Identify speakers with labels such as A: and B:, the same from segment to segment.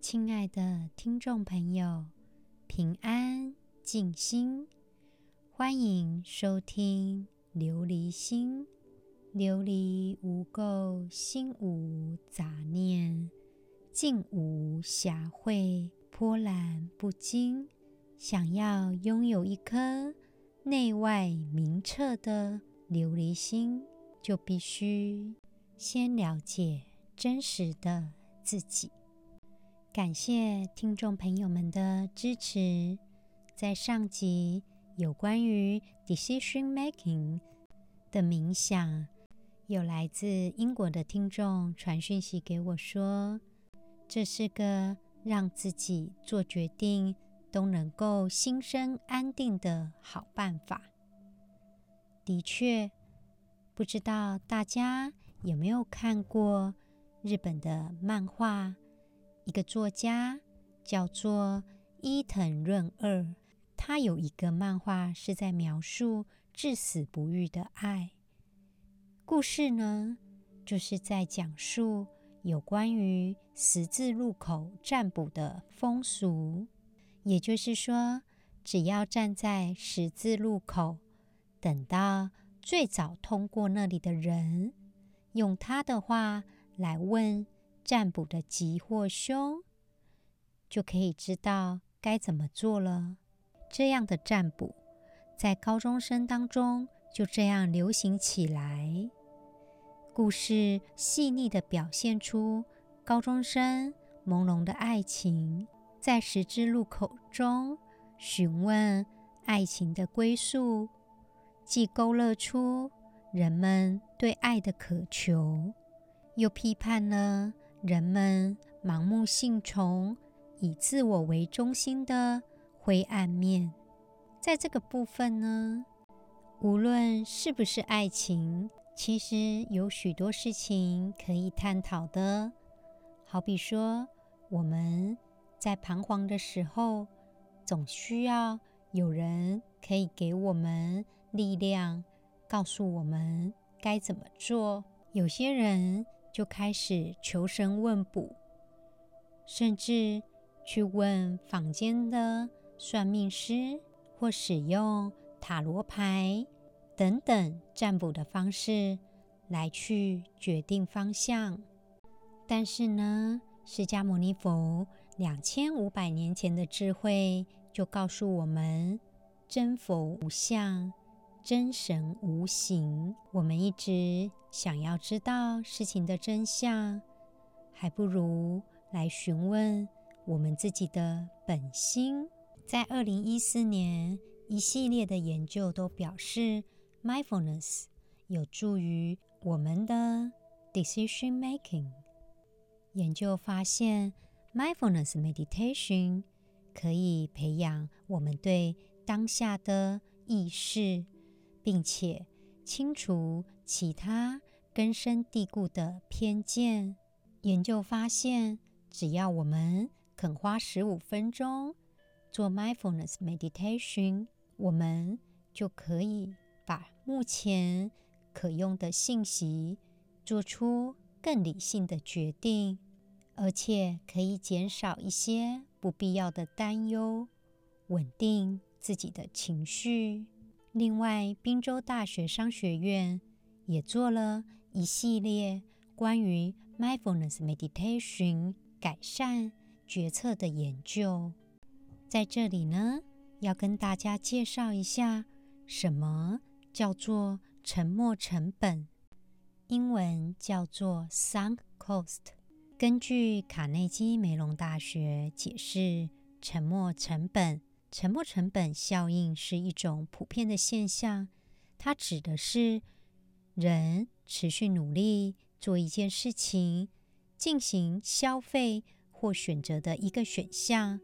A: 親愛的聽眾朋友，平安靜心，歡迎收聽琉璃心。琉璃無垢，心無雜念，淨無瑕穢，波瀾不驚。想要擁有一顆內外明澈的琉璃心，就必須先了解真實的自己。感謝聽眾朋友們的支持。在上集有關於 decision making 的冥想，有來自英國的聽眾傳訊息給我說，說這是個讓自己做決定都能夠心生安定的好辦法。的確，不知道大家有沒有看過日本的漫畫？一個作家叫做伊藤潤二，他有一個漫畫是在描述至死不渝的愛。故事呢，就是在講述有關於十字路口占卜的風俗，也就是說，只要站在十字路口，等到最早通過那裡的人，用他的話來問。佔卜的吉或凶，就可以知道該怎麼做了。這樣的佔卜在高中生當中就這樣流行起來。故事細膩地表現出高中生朦朧的愛情，在十字路口中詢問愛情的歸宿，既勾勒出人們對愛的渴求，又批判了。人們盲目信從以自我為中心的灰暗面，在這個部分呢，無論是不是愛情，其實有許多事情可以探討的。好比說，我們在彷徨的時候，總需要有人可以給我們力量，告訴我們該怎麼做。有些人。就開始求神問卜，甚至去問坊間的算命師，或使用塔羅牌等等占卜的方式來去決定方向。但是呢，釋迦牟尼佛兩千五百年前的智慧就告訴我們：真佛無相。真神無形，我們一直想要知道事情的真相，還不如來詢問我們自己的本心。在二零一四年，一系列的研究都表示，mindfulness 有助於我們的 decision making。研究發現，mindfulness meditation 可以培養我們對當下的意識。並且清除其他根深蒂固的偏見。研究發現，只要我們肯花十五分鐘做 mindfulness meditation，我們就可以把目前可用的信息做出更理性的決定，而且可以減少一些不必要的擔憂，穩定自己的情緒。另外，賓州大學商學院也做了一系列關於 mindfulness meditation 改善決策的研究。在這裡呢，要跟大家介紹一下什麼叫做沉沒成本，英文叫做 sunk cost。根據卡內基梅隆大學解釋，沉沒成本。沉沒成本效應是一種普遍的現象，它指的是人持續努力做一件事情、進行消費或選擇的一個選項，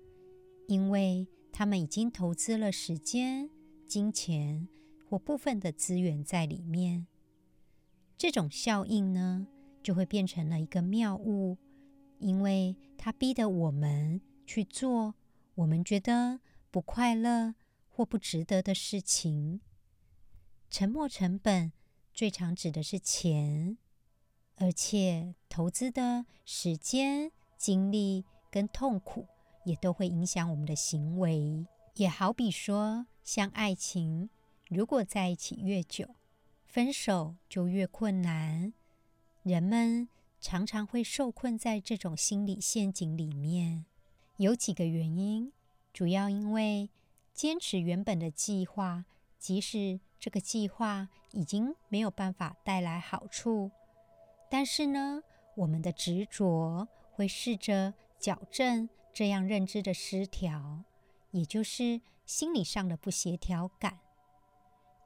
A: 因為他們已經投資了時間、金錢或部分的資源在裡面。這種效應呢，就會變成了一個謬誤，因為它逼得我們去做我們覺得。不快樂或不值得的事情，沉沒成本最常指的是錢，而且投資的時間、精力跟痛苦也都會影響我們的行為。也好比說，像愛情，如果在一起越久，分手就越困難。人們常常會受困在這種心理陷阱裡面，有幾個原因。主要因為堅持原本的計劃，即使這個計劃已經沒有辦法帶來好處，但是呢，我們的執着會試着矯正這樣認知的失調，也就是心理上的不協調感，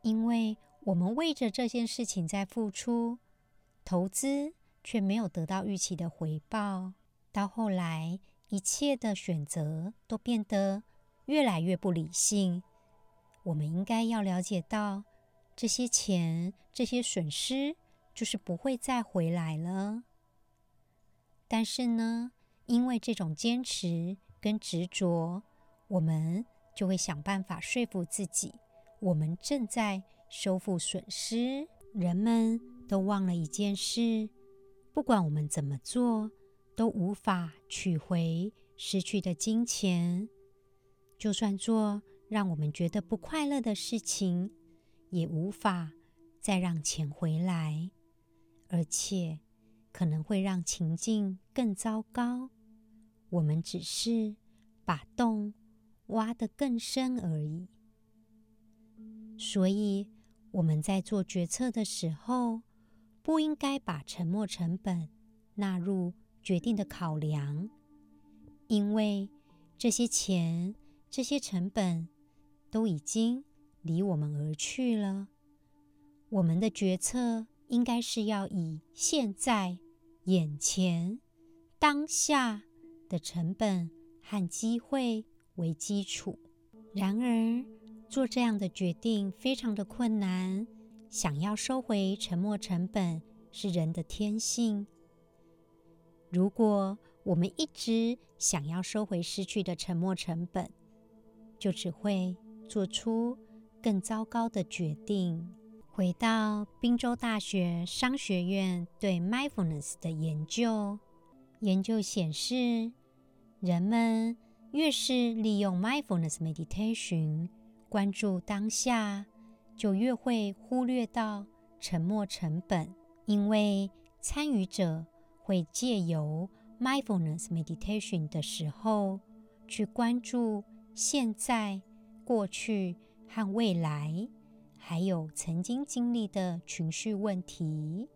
A: 因為我們為着這件事情在付出投資，卻沒有得到預期的回報，到後來。一切的選擇都變得越來越不理性。我們應該要了解到，這些錢、這些損失，就是不會再回來了。但是呢，因為這種堅持跟執着，我們就會想辦法說服自己，我們正在收復損失。人們都忘了一件事，不管我們怎麼做，都無法取回失去的金錢。就算做讓我們覺得不快樂的事情，也無法再讓錢回來，而且可能會讓情境更糟糕。我們只是把洞挖得更深而已。所以我們在做決策的時候，不應該把沉沒成本納入。決定的考量，因為這些錢、這些成本都已經離我們而去了。我們的決策應該是要以現在、眼前、當下的成本和機會為基礎。然而，做這樣的決定非常的困難。想要收回沉沒成本是人的天性。如果我們一直想要收回失去的沉沒成本，就只會做出更糟糕的決定。回到賓州大學商學院對 mindfulness 的研究，研究顯示，人們越是利用 mindfulness meditation 關注當下，就越會忽略到沉沒成本，因為參與者。會借由 mindfulness meditation 的時候，去關注現在、過去和未來，還有曾經經歷的情緒問題。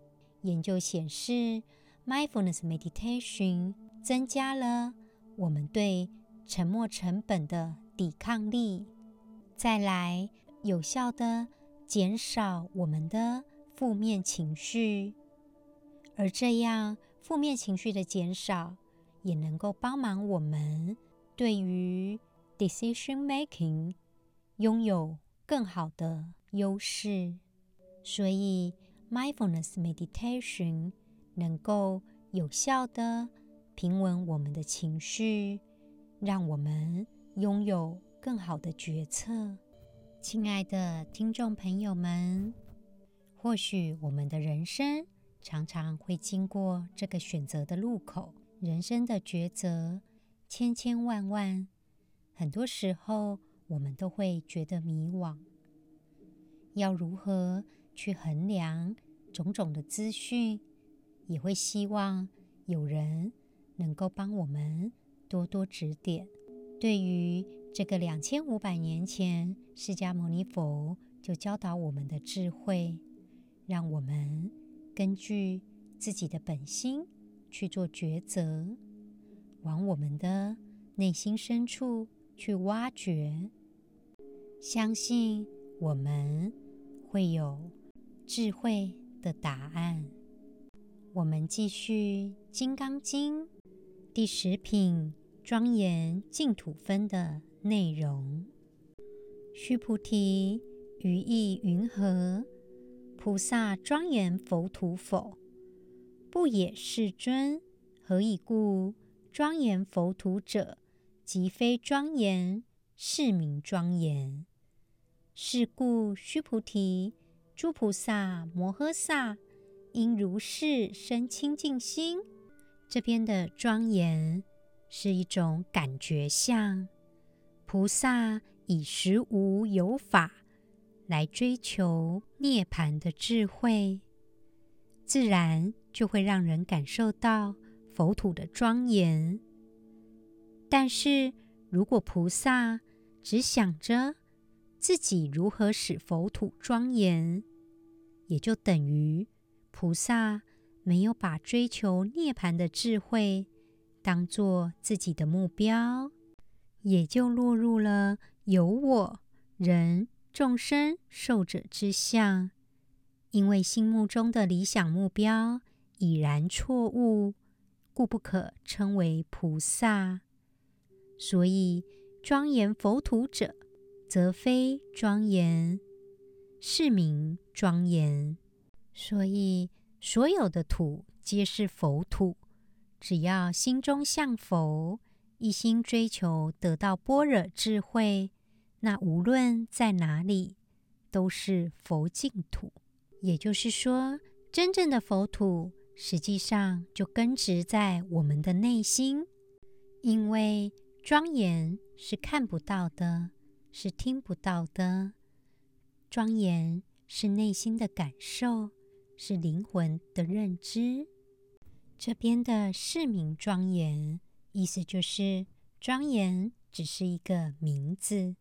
A: 研究顯示，mindfulness meditation 增加了我們對沉沒成本的抵抗力，再來有效地減少我們的負面情緒，而這樣。負面情緒的減少，也能夠幫忙我們對於 decision making 擁有更好的優勢。所以 mindfulness meditation 能夠有效的平穩我們的情緒，讓我們擁有更好的決策。親愛的聽眾朋友們，或許我們的人生。常常會經過這個選擇的路口，人生的抉擇千千萬萬，很多時候我們都會覺得迷惘。要如何去衡量種種的資訊，也會希望有人能夠幫我們多多指點。對於這個兩千五百年前釋迦牟尼佛就教導我們的智慧，讓我們。根據自己的本心去做抉擇，往我們的內心深處去挖掘，相信我們會有智慧的答案。我們繼續《金剛經》第十品《莊嚴淨土分》的內容。須菩提，於意云何？菩薩莊嚴佛土否？不也，世尊。何以故？莊嚴佛土者，即非莊嚴，是名莊嚴。是故，須菩提，諸菩薩摩訶薩，應如是生清淨心。這邊的莊嚴是一種感覺相。菩薩以實無有法。來追求涅槃的智慧，自然就會讓人感受到佛土的莊嚴。但是，如果菩薩只想着自己如何使佛土莊嚴，也就等於菩薩沒有把追求涅槃的智慧當做自己的目標，也就落入了有我人眾生壽者之相，因為心目中的理想目標已然錯誤，故不可稱為菩薩。所以莊嚴佛土者，則非莊嚴，是名莊嚴。所以所有的土皆是佛土，只要心中向佛，一心追求得到般若智慧。那無論在哪裡，都是佛淨土。也就是說，真正的佛土實際上就根植在我們的內心。因為莊嚴是看不到的，是聽不到的。莊嚴是內心的感受，是靈魂的認知。這邊的“是名莊嚴”，意思就是莊嚴只是一個名字。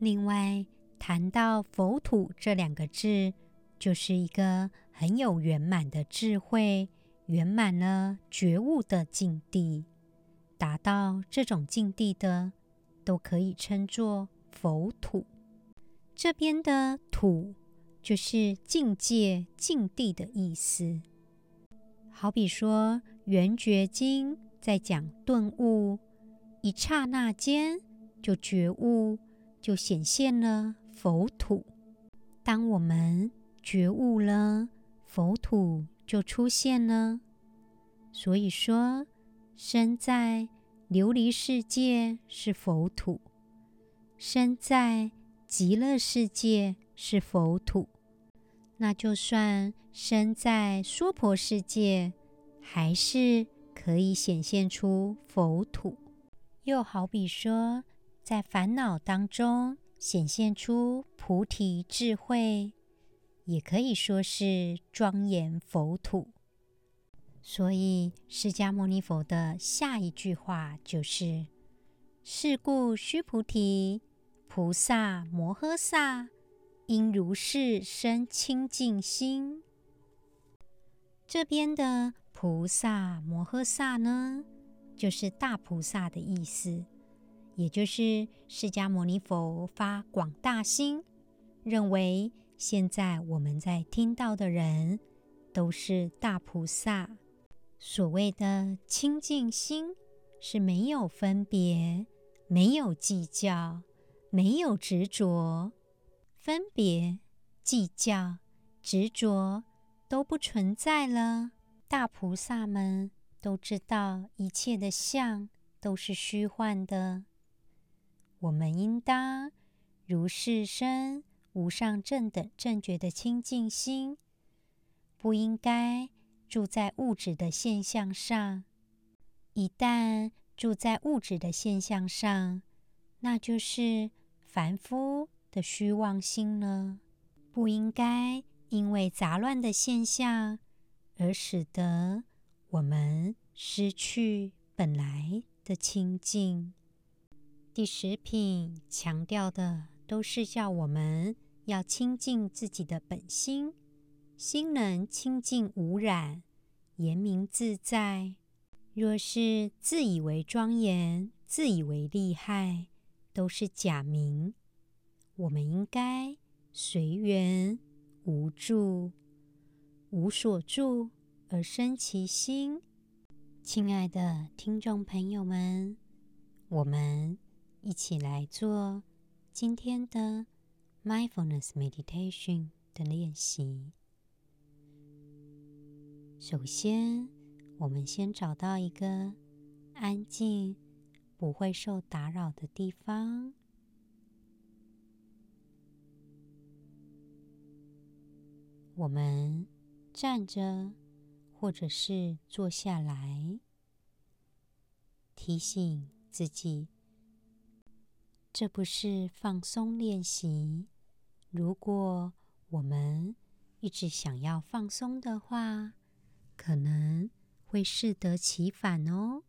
A: 另外，談到“佛土”這兩個字，就是一個很有圓滿的智慧、圓滿了覺悟的境地。達到這種境地的，都可以稱作“佛土”。這邊的“土”，就是境界、境地的意思。好比說，《圓覺經》在講頓悟，一剎那間就覺悟。就顯現了佛土。當我們覺悟了，佛土就出現了。所以說，身在琉璃世界是佛土，身在極樂世界是佛土。那就算身在娑婆世界，還是可以顯現出佛土。又好比說，在煩惱當中顯現出菩提智慧，也可以說是莊嚴佛土。所以釋迦牟尼佛的下一句話就是：“是故須菩提，菩薩摩訶薩應如是生清淨心。”這邊的菩薩摩訶薩呢，就是大菩薩的意思。也就是釋迦牟尼佛發廣大心，認為現在我們在聽到的人都是大菩薩。所謂的清淨心是沒有分別、沒有計較、沒有執着，分別、計較、執着都不存在了。大菩薩們都知道，一切的相都是虛幻的。我們應當如是生，無上正等正覺的清淨心，不應該住在物質的現象上。一旦住在物質的現象上，那就是凡夫的虛妄心呢。不應該因為雜亂的現象而使得我們失去本來的清淨。第十品強調的都是叫我們要清淨自己的本心，心能清淨無染，言明自在。若是自以為莊嚴，自以為厲害，都是假名。我們應該隨緣無助，無所住而生其心。親愛的聽眾朋友們，我們。一起來做今天的 mindfulness meditation 的練習。首先，我們先找到一個安靜、不會受打擾的地方。我們站着，或者是坐下來，提醒自己。這不是放鬆練習，如果我們一直想要放鬆的話，可能會適得其反哦。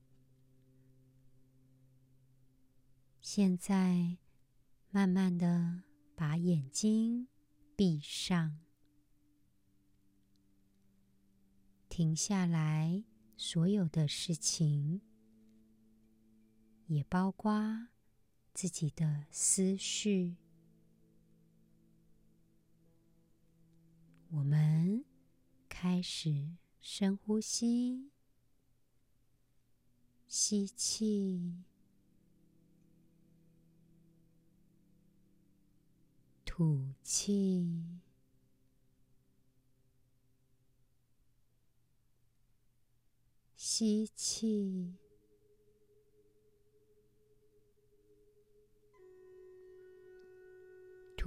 A: 現在，慢慢的把眼睛閉上，停下來所有的事情，也包括。自己的思緒。我們開始深呼吸，吸氣，吐氣，吸氣。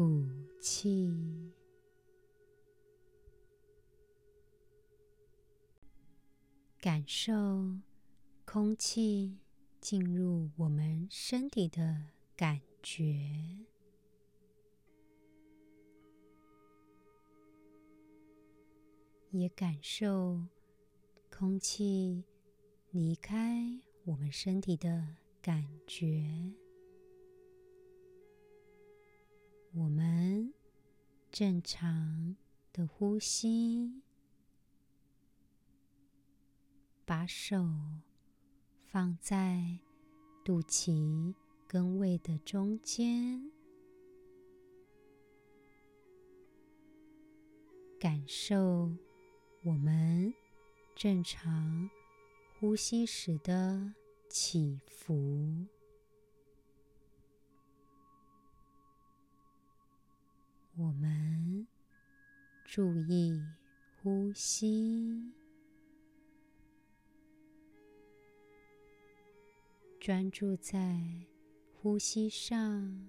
A: 吐氣，感受空氣進入我們身體的感覺，也感受空氣離開我們身體的感覺。我們正常的呼吸，把手放在肚臍跟胃的中間，感受我們正常呼吸時的起伏。我們注意呼吸，專注在呼吸上。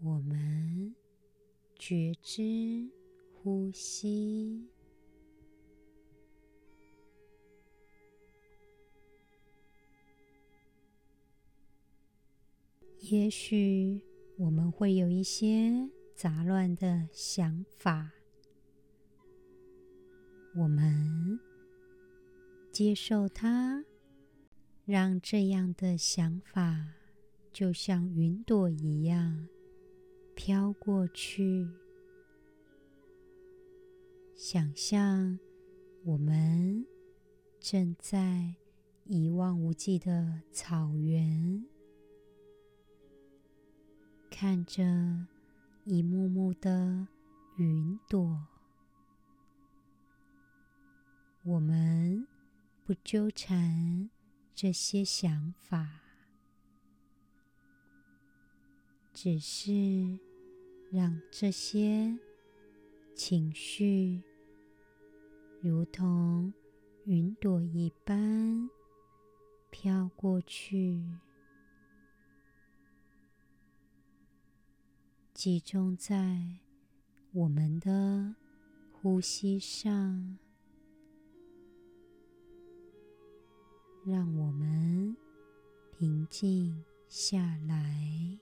A: 我們覺知呼吸。也許我們會有一些雜亂的想法，我們接受它，讓這樣的想法就像雲朵一樣飄過去。想象我們正在一望無際的草原。看着一幕幕的雲朵，我們不糾纏這些想法，只是讓這些情緒如同雲朵一般飄過去。集中在我們的呼吸上，讓我們平靜下來。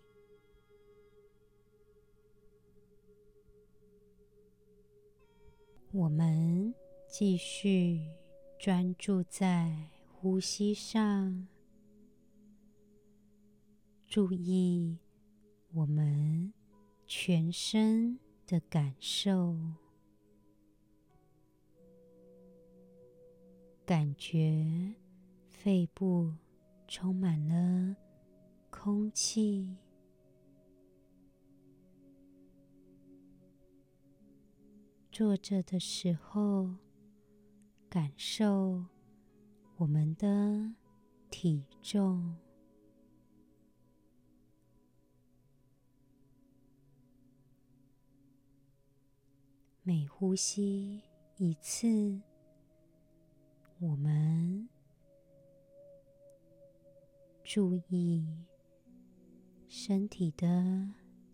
A: 我們繼續專注在呼吸上，注意我們。全身的感受，感覺肺部充滿了空氣。坐着的時候，感受我們的體重。每呼吸一次，我們注意身體的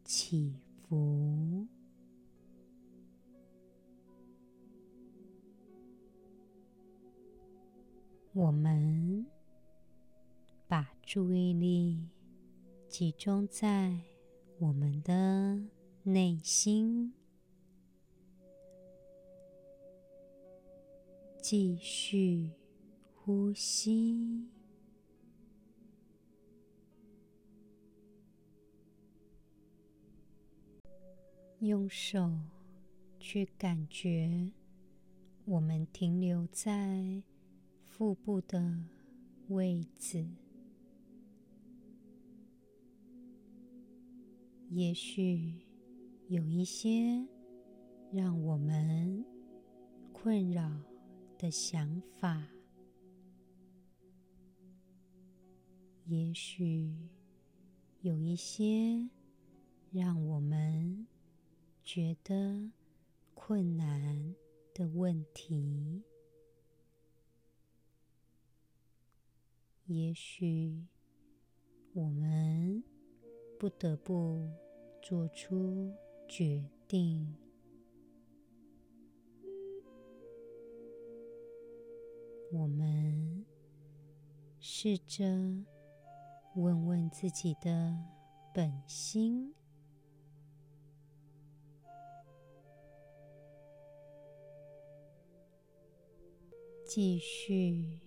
A: 起伏，我們把注意力集中在我們的內心。繼續呼吸，用手去感覺我們停留在腹部的位置，也許有一些讓我們困擾。的想法，也許有一些讓我們覺得困難的問題，也許我們不得不做出決定。我們試着問問自己的本心，繼續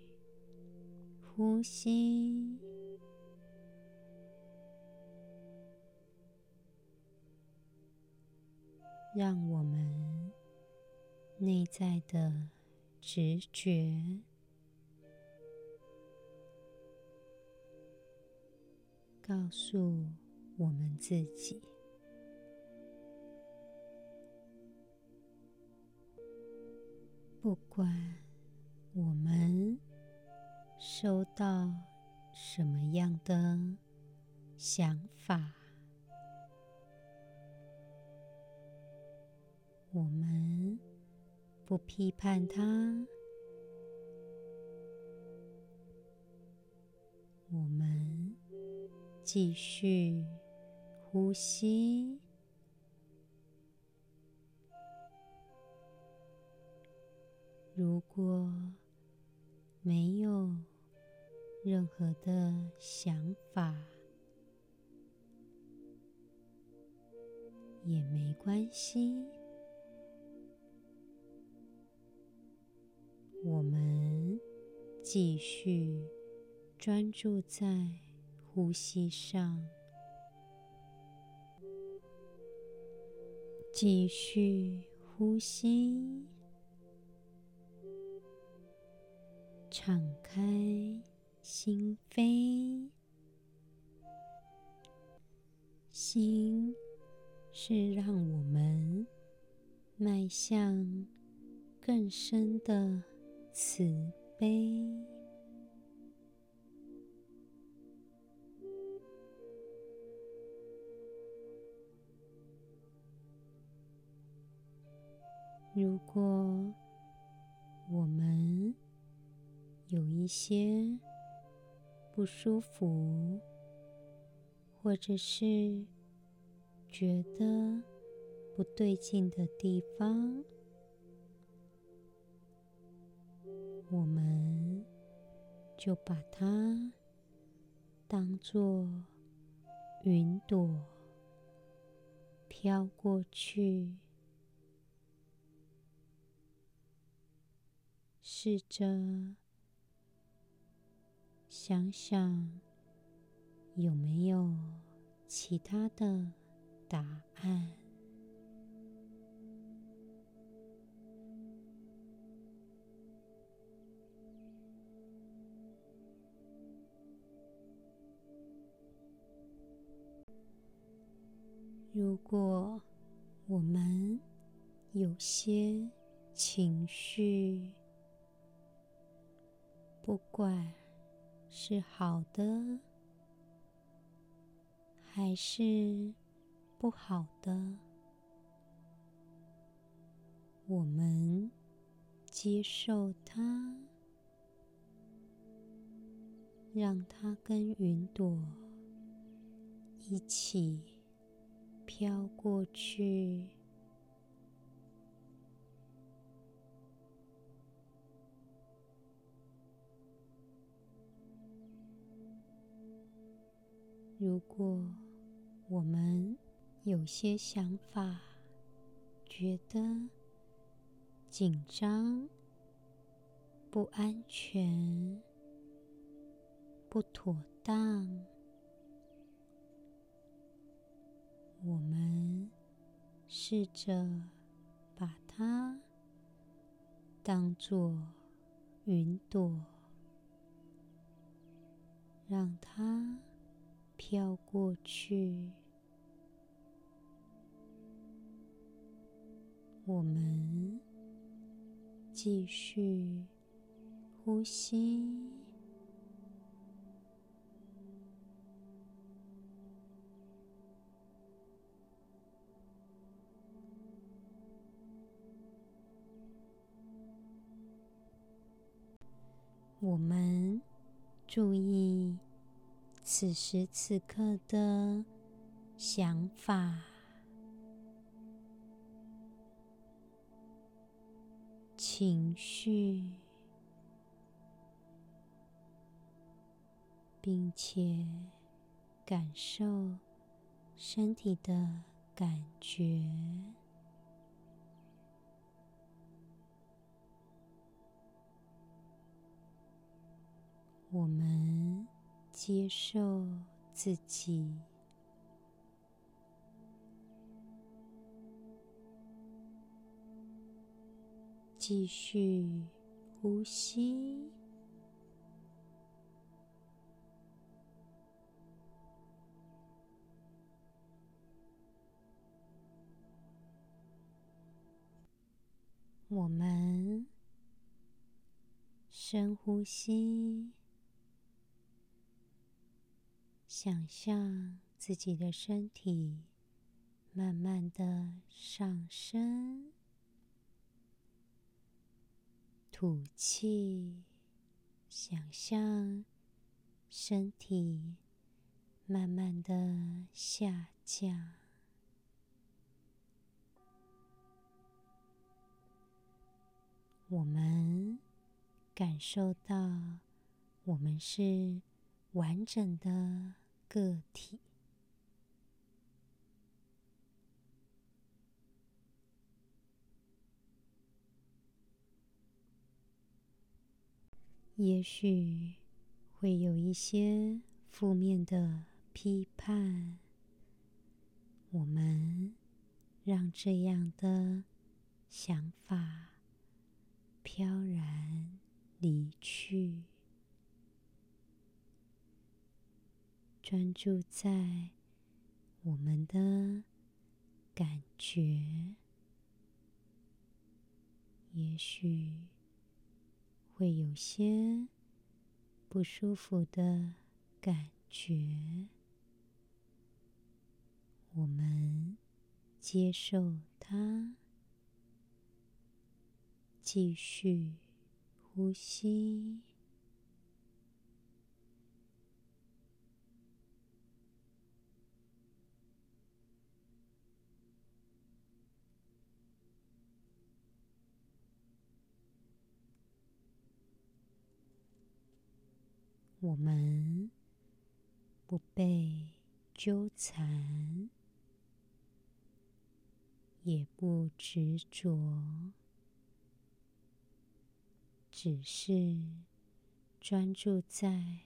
A: 呼吸，讓我們內在的，直覺告訴我們自己，不管我們收到什麼樣的想法，我們。不批判他，我們繼續呼吸。如果沒有任何的想法，也沒關係。我們繼續專注在呼吸上，繼續呼吸，敞開心扉，心是讓我們邁向更深的。慈悲。如果我們有一些不舒服，或者是覺得不對勁的地方，我們就把它當作雲朵飄過去，試着想想有沒有其他的答案。如果我們有些情緒，不管是好的還是不好的，我們接受它，讓它跟雲朵一起。飄過去。如果我們有些想法，覺得緊張、不安全、不妥當。我們試着把它當作雲朵，讓它飄過去。我們繼續呼吸。我們注意此時此刻的想法、情緒，並且感受身體的感覺。我們接受自己，繼續呼吸。我們深呼吸。想象自己的身體慢慢的上升，吐氣，想象身體慢慢的下降。我們感受到我們是完整的。個體，也許會有一些負面的批判。我們讓這樣的想法飄然離去。專注在我們的感覺，也許會有些不舒服的感覺，我們接受它，繼續呼吸。我們不被糾纏，也不執着，只是專注在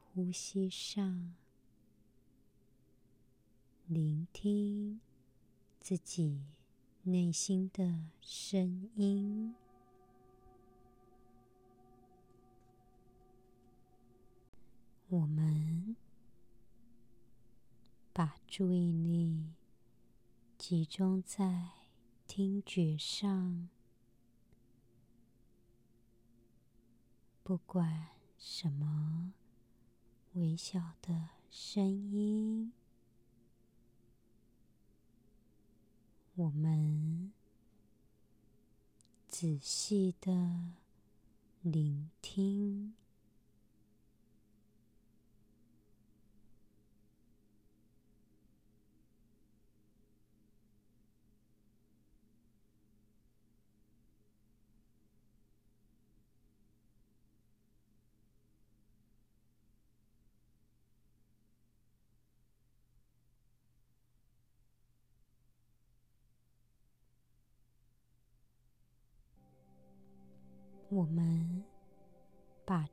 A: 呼吸上，聆聽自己內心的聲音。我們把注意力集中在聽覺上，不管什麼微小的聲音，我們仔細地聆聽。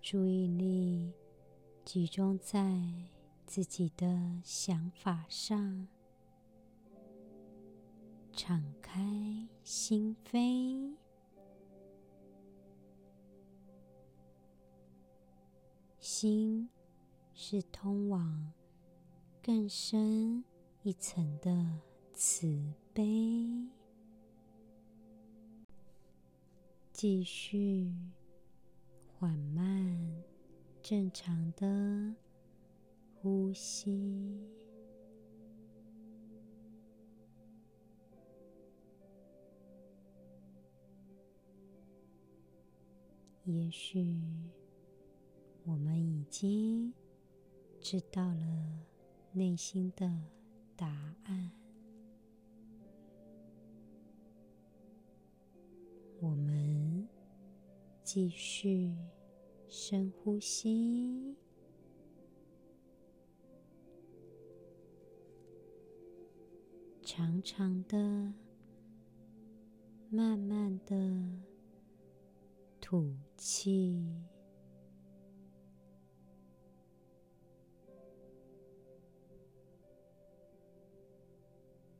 A: 注意力集中在自己的想法上，敞開心扉。心是通往更深一層的慈悲。繼續。緩慢、正常的呼吸，也許我們已經知道了內心的答案。我們。繼續深呼吸，長長的、慢慢的吐氣。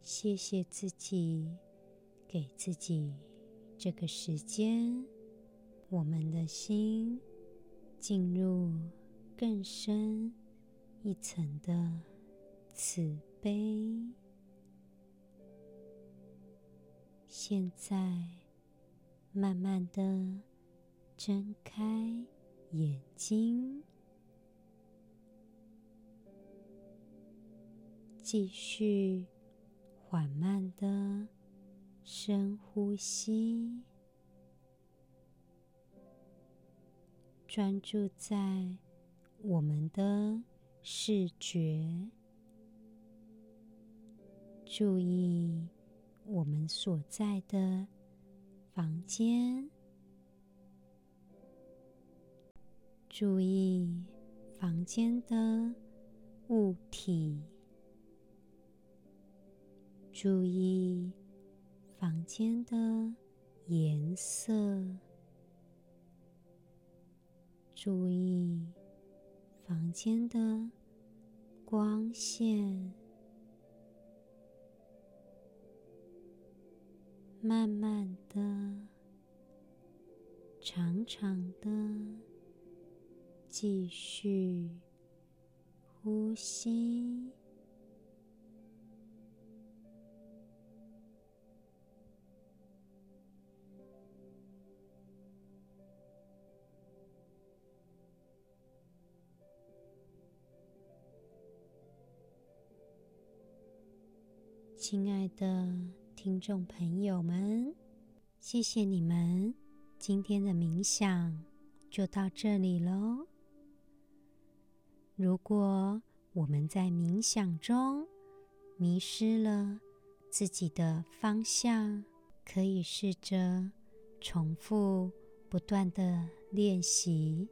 A: 謝謝自己，給自己這個時間。我們的心進入更深一層的慈悲。現在，慢慢的睜開眼睛，繼續緩慢的深呼吸。專注在我們的視覺，注意我們所在的房間，注意房間的物體，注意房間的顏色。注意房間的光線，慢慢的、長長的，繼續呼吸。親愛的聽眾朋友們，謝謝你們今天的冥想就到這裡嘍。如果我們在冥想中迷失了自己的方向，可以試着重複不斷的練習，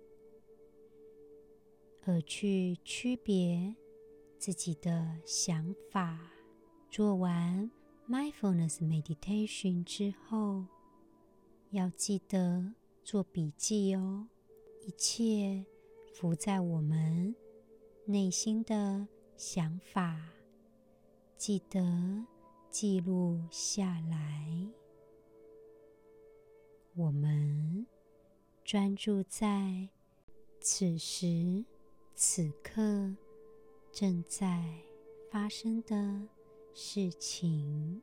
A: 而去區別自己的想法。做完 mindfulness meditation 之後，要記得做筆記哦。一切浮在我們內心的想法，記得記錄下來。我們專注在此時此刻正在發生的。事情，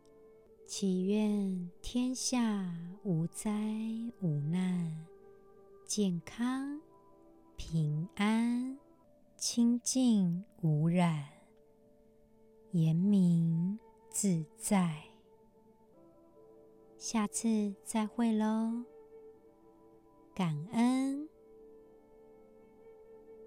A: 祈願天下無災無難，健康平安，清淨無染，嚴明自在。下次再會嘍，感恩。